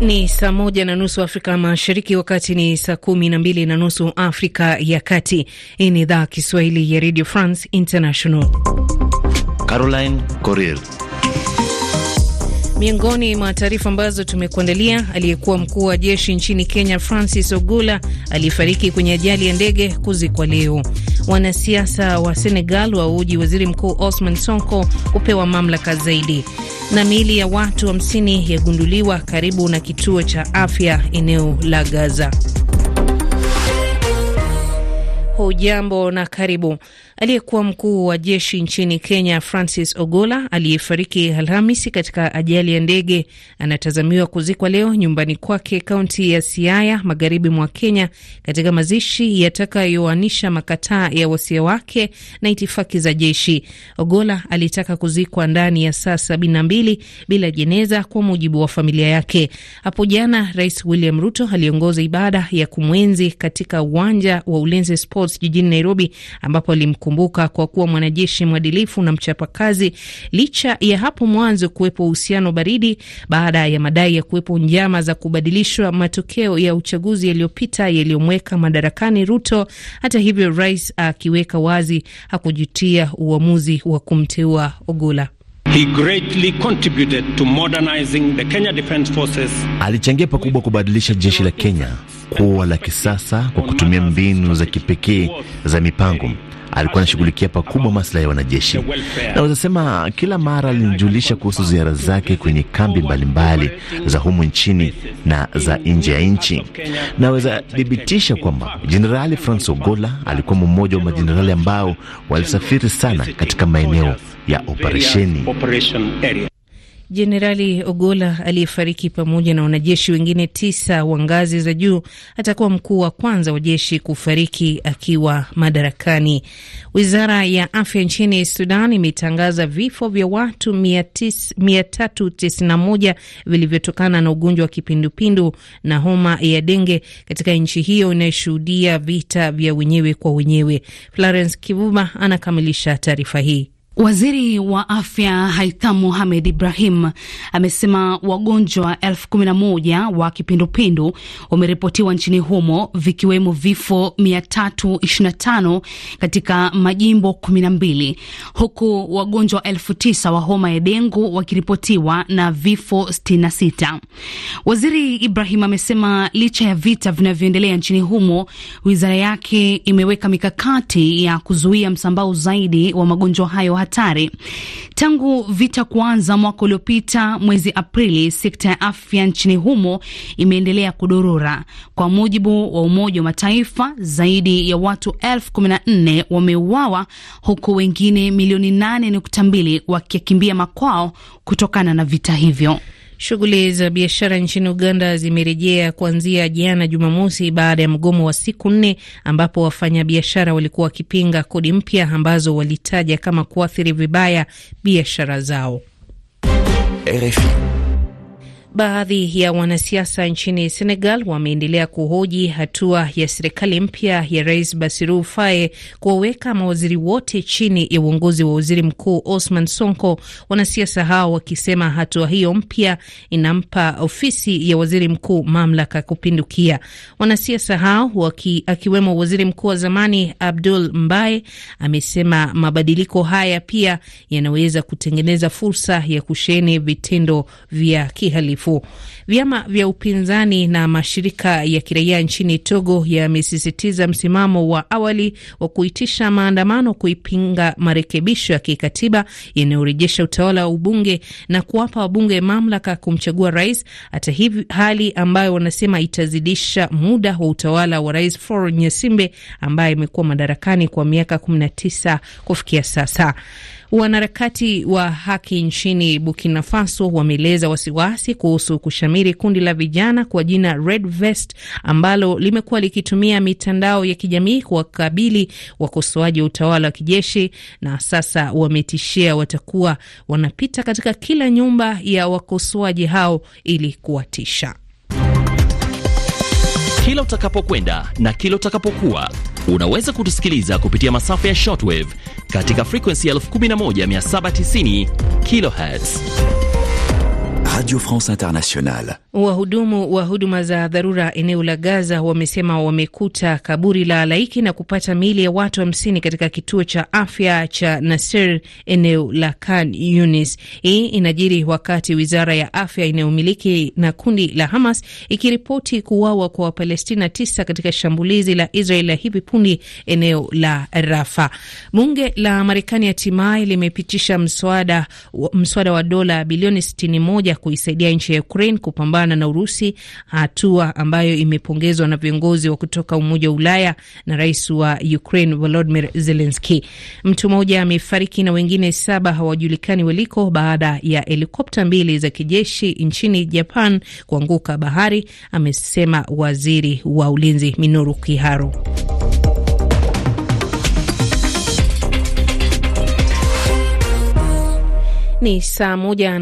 Ni saa moja na nusu Afrika Mashariki, wakati ni saa kumi na mbili na nusu Afrika ya Kati. Hii ni idhaa Kiswahili ya Radio France International. Caroline Corel Miongoni mwa taarifa ambazo tumekuandalia, aliyekuwa mkuu wa jeshi nchini Kenya Francis Ogula aliyefariki kwenye ajali ya ndege kuzikwa leo. Wanasiasa wa Senegal wauji waziri mkuu Osman Sonko kupewa mamlaka zaidi. Na miili ya watu hamsini wa yagunduliwa karibu na kituo cha afya eneo la Gaza. Hujambo na karibu. Aliyekuwa mkuu wa jeshi nchini Kenya Francis Ogola aliyefariki Alhamisi katika ajali ya ndege anatazamiwa kuzikwa leo nyumbani kwake kaunti ya Siaya, magharibi mwa Kenya, katika mazishi yatakayoanisha makataa ya wasia wake na itifaki za jeshi. Ogola alitaka kuzikwa ndani ya saa sabini na mbili bila jeneza, kwa mujibu wa familia yake. Hapo jana Rais William Ruto aliongoza ibada ya kumwenzi katika uwanja wa Ulinzi Sports jijini Nairobi ambapo alimku Anakumbuka kwa kuwa mwanajeshi mwadilifu na mchapakazi, licha ya hapo mwanzo kuwepo uhusiano baridi baada ya madai ya kuwepo njama za kubadilishwa matokeo ya uchaguzi yaliyopita yaliyomweka madarakani Ruto. Hata hivyo, rais akiweka wazi hakujutia uamuzi wa kumteua Ogula. He greatly contributed to modernizing the Kenya Defence Forces. Alichangia pakubwa kubadilisha jeshi la Kenya kuwa la kisasa kwa kutumia mbinu za kipekee za mipango, alikuwa anashughulikia pakubwa maslahi ya wanajeshi. Naweza sema kila mara alinijulisha kuhusu ziara zake kwenye kambi mbalimbali mbali za humu nchini na za nje ya nchi. Naweza thibitisha kwamba Jenerali Franc Ogola alikuwa mmoja wa majenerali ambao walisafiri sana katika maeneo ya operesheni. Jenerali Ogola aliyefariki pamoja na wanajeshi wengine tisa wa ngazi za juu atakuwa mkuu wa kwanza wa jeshi kufariki akiwa madarakani. Wizara ya afya nchini Sudan imetangaza vifo vya watu 391 vilivyotokana na ugonjwa wa kipindupindu na homa ya denge katika nchi hiyo inayoshuhudia vita vya wenyewe kwa wenyewe. Florence Kivuba anakamilisha taarifa hii. Waziri wa afya Haitham Mohamed Ibrahim amesema wagonjwa elfu kumi na moja wa kipindupindu wameripotiwa nchini humo vikiwemo vifo 325 katika majimbo 12 huku wagonjwa elfu tisa wa homa ya dengu wakiripotiwa na vifo 66. Waziri Ibrahim amesema licha ya vita vinavyoendelea nchini humo, wizara yake imeweka mikakati ya kuzuia msambao zaidi wa magonjwa hayo hatari. Tangu vita kuanza mwaka uliopita mwezi Aprili, sekta ya afya nchini humo imeendelea kudorora. Kwa mujibu wa Umoja wa Mataifa, zaidi ya watu elfu kumi na nne wameuawa huku wengine milioni nane nukta mbili wakikimbia makwao kutokana na vita hivyo. Shughuli za biashara nchini Uganda zimerejea kuanzia jana Jumamosi baada ya mgomo wa siku nne ambapo wafanyabiashara walikuwa wakipinga kodi mpya ambazo walitaja kama kuathiri vibaya biashara zao. RFI. Baadhi ya wanasiasa nchini Senegal wameendelea kuhoji hatua ya serikali mpya ya Rais Bassirou Faye kuwaweka mawaziri wote chini ya uongozi wa waziri mkuu Osman Sonko, wanasiasa hao wakisema hatua hiyo mpya inampa ofisi ya waziri mkuu mamlaka kupindukia. Wanasiasa hao waki, akiwemo waziri mkuu wa zamani Abdul Mbaye amesema mabadiliko haya pia yanaweza kutengeneza fursa ya kusheni vitendo vya kihalifu nafuu. Vyama vya upinzani na mashirika ya kiraia nchini Togo yamesisitiza msimamo wa awali wa kuitisha maandamano kuipinga marekebisho ya kikatiba yanayorejesha utawala wa ubunge na kuwapa wabunge mamlaka kumchagua rais, hata hivi, hali ambayo wanasema itazidisha muda wa utawala wa rais Faure Nyasimbe ambaye amekuwa madarakani kwa miaka 19 kufikia sasa. Wanaharakati wa haki nchini Burkina Faso wameeleza wasiwasi kuhusu kushamiri kundi la vijana kwa jina Red Vest ambalo limekuwa likitumia mitandao ya kijamii kuwakabili wakosoaji wa utawala wa kijeshi, na sasa wametishia watakuwa wanapita katika kila nyumba ya wakosoaji hao ili kuwatisha kila utakapokwenda na kila utakapokuwa. Unaweza kutusikiliza kupitia masafa ya shortwave katika frequency 11790 kilohertz. Radio France Internationale. Wahudumu wa huduma za dharura eneo la Gaza wamesema wamekuta kaburi la halaiki na kupata miili ya watu hamsini katika kituo cha afya cha Nasir eneo la Khan Yunis. Hii inajiri wakati wizara ya afya inayomiliki na kundi la Hamas ikiripoti kuuawa kwa Wapalestina tisa katika shambulizi la Israel la hivi punde eneo la Rafa. Bunge la Marekani hatimaye limepitisha mswada, mswada wa dola bilioni 61 kuisaidia nchi ya Ukraine kupambana kupambana na Urusi, hatua ambayo imepongezwa na viongozi wa kutoka Umoja wa Ulaya na rais wa Ukraine Volodymyr Zelensky. Mtu mmoja amefariki na wengine saba hawajulikani waliko baada ya helikopta mbili za kijeshi nchini Japan kuanguka bahari, amesema waziri wa ulinzi Minoru Kiharu. Ni saa moja